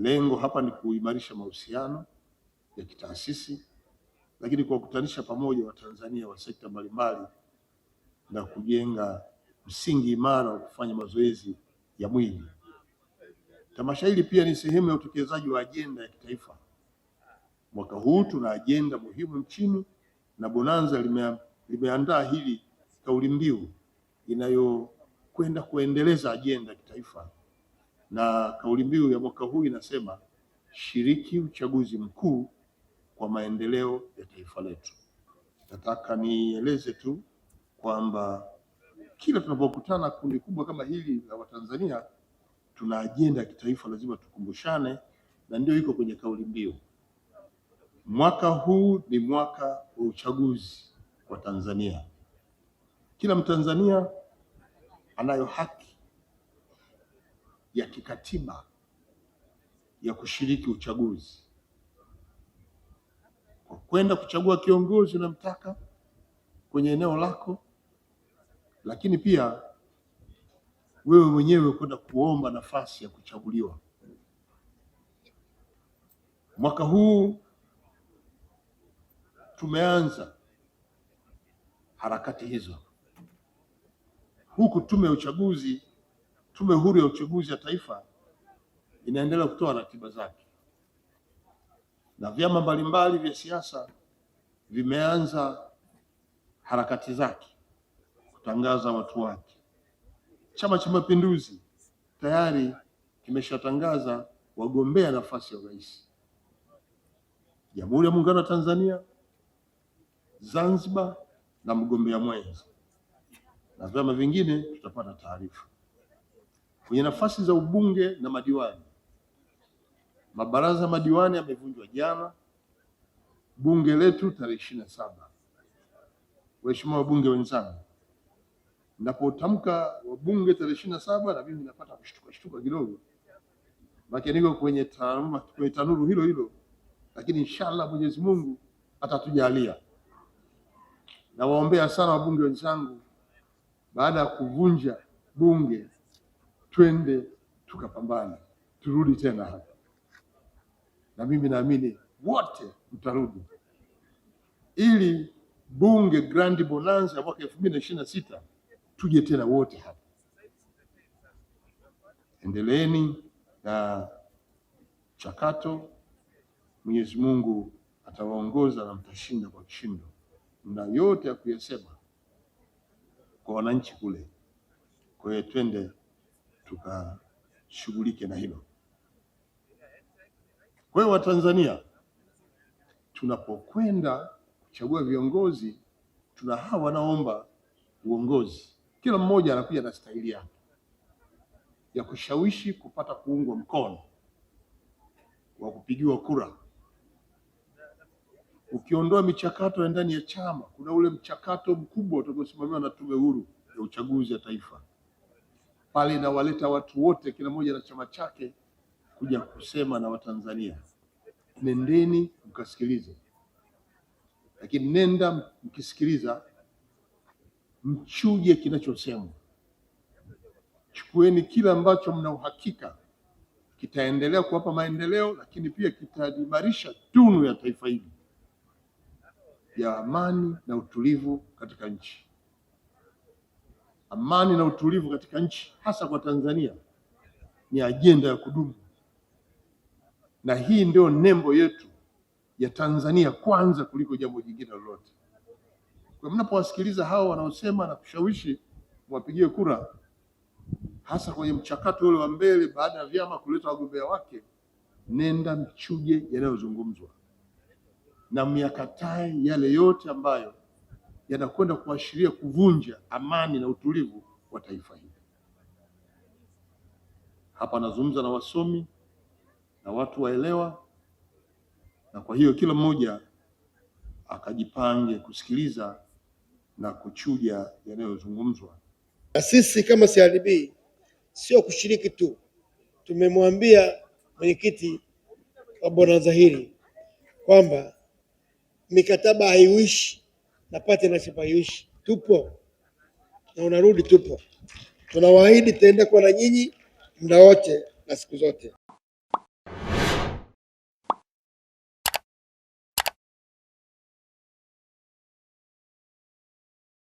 Lengo hapa ni kuimarisha mahusiano ya kitaasisi, lakini kuwakutanisha pamoja Watanzania wa sekta mbalimbali na kujenga msingi imara wa kufanya mazoezi ya mwili. Tamasha hili pia ni sehemu ya utekelezaji wa ajenda ya kitaifa. Mwaka huu tuna ajenda muhimu nchini na Bonanza lime, limeandaa hili kauli mbiu inayokwenda kuendeleza ajenda ya kitaifa na kauli mbiu ya mwaka huu inasema shiriki uchaguzi mkuu kwa maendeleo ya taifa letu. Nataka nieleze tu kwamba kila tunapokutana kundi kubwa kama hili la Watanzania, tuna ajenda ya kitaifa, lazima tukumbushane, na ndio iko kwenye kauli mbiu. Mwaka huu ni mwaka wa uchaguzi wa Tanzania. Kila Mtanzania anayo haki ya kikatiba ya kushiriki uchaguzi kwa kwenda kuchagua kiongozi unamtaka kwenye eneo lako, lakini pia wewe mwenyewe kwenda kuomba nafasi ya kuchaguliwa. Mwaka huu tumeanza harakati hizo, huku tume ya uchaguzi Tume Huru ya Uchaguzi ya Taifa inaendelea kutoa ratiba zake na vyama mbalimbali vya siasa vimeanza harakati zake kutangaza watu wake. Chama cha Mapinduzi tayari kimeshatangaza wagombea nafasi ya urais Jamhuri ya Muungano wa Tanzania, Zanzibar na mgombea mwenza, na vyama vingine tutapata taarifa kwenye nafasi za ubunge na madiwani. Mabaraza madiwani yamevunjwa jana, bunge letu tarehe ishirini na saba. Waheshimiwa wabunge wenzangu, napotamka wabunge tarehe ishirini na saba na mimi napata kushtuka shtuka kidogo, maana niko kwenye taaluma kwenye tanuru hilo hilo, lakini inshallah Mwenyezi Mungu atatujalia. Nawaombea sana wabunge wenzangu, baada ya kuvunja bunge twende tukapambane, turudi tena hapa, na mimi naamini wote mtarudi, ili bunge grand bonanza ya mwaka elfu mbili na ishirini na sita tuje tena wote hapa. Endeleeni na chakato Mwenyezi Mungu atawaongoza na mtashinda kwa kishindo, na yote ya kuyasema kwa wananchi kule. Kwa hiyo twende tukashughulike na hilo. Kwa hiyo Watanzania, tunapokwenda kuchagua viongozi, tuna hawa wanaomba uongozi, kila mmoja anakuja na staili yake ya kushawishi kupata kuungwa mkono wa kupigiwa kura. Ukiondoa michakato ya ndani ya chama, kuna ule mchakato mkubwa utakaosimamiwa na Tume Huru ya Uchaguzi ya Taifa pale inawaleta watu wote, kila mmoja na chama chake, kuja kusema na Watanzania. Nendeni mkasikilize, lakini nenda mkisikiliza, mchuje kinachosemwa, chukueni kile ambacho mna uhakika kitaendelea kuwapa maendeleo, lakini pia kitaimarisha tunu ya taifa hili ya amani na utulivu katika nchi. Amani na utulivu katika nchi hasa kwa Tanzania ni ajenda ya kudumu, na hii ndio nembo yetu ya Tanzania kwanza kuliko jambo jingine lolote. Kwa mnapowasikiliza hao wanaosema na kushawishi wapigie kura, hasa kwenye mchakato ule wa mbele, baada ya vyama kuleta wagombea wake, nenda mchuje yanayozungumzwa na myakatae yale yote ambayo yanakwenda kuashiria kuvunja amani na utulivu wa taifa hili. Hapa nazungumza na wasomi na watu waelewa, na kwa hiyo kila mmoja akajipange kusikiliza na kuchuja yanayozungumzwa. Na sisi kama CRDB sio kushiriki tu, tumemwambia mwenyekiti wa bwana zahiri kwamba mikataba haiwishi na partnership haiishi. Tupo na unarudi, tupo tunawaahidi, tutaenda kuwa na nyinyi muda wote na siku zote.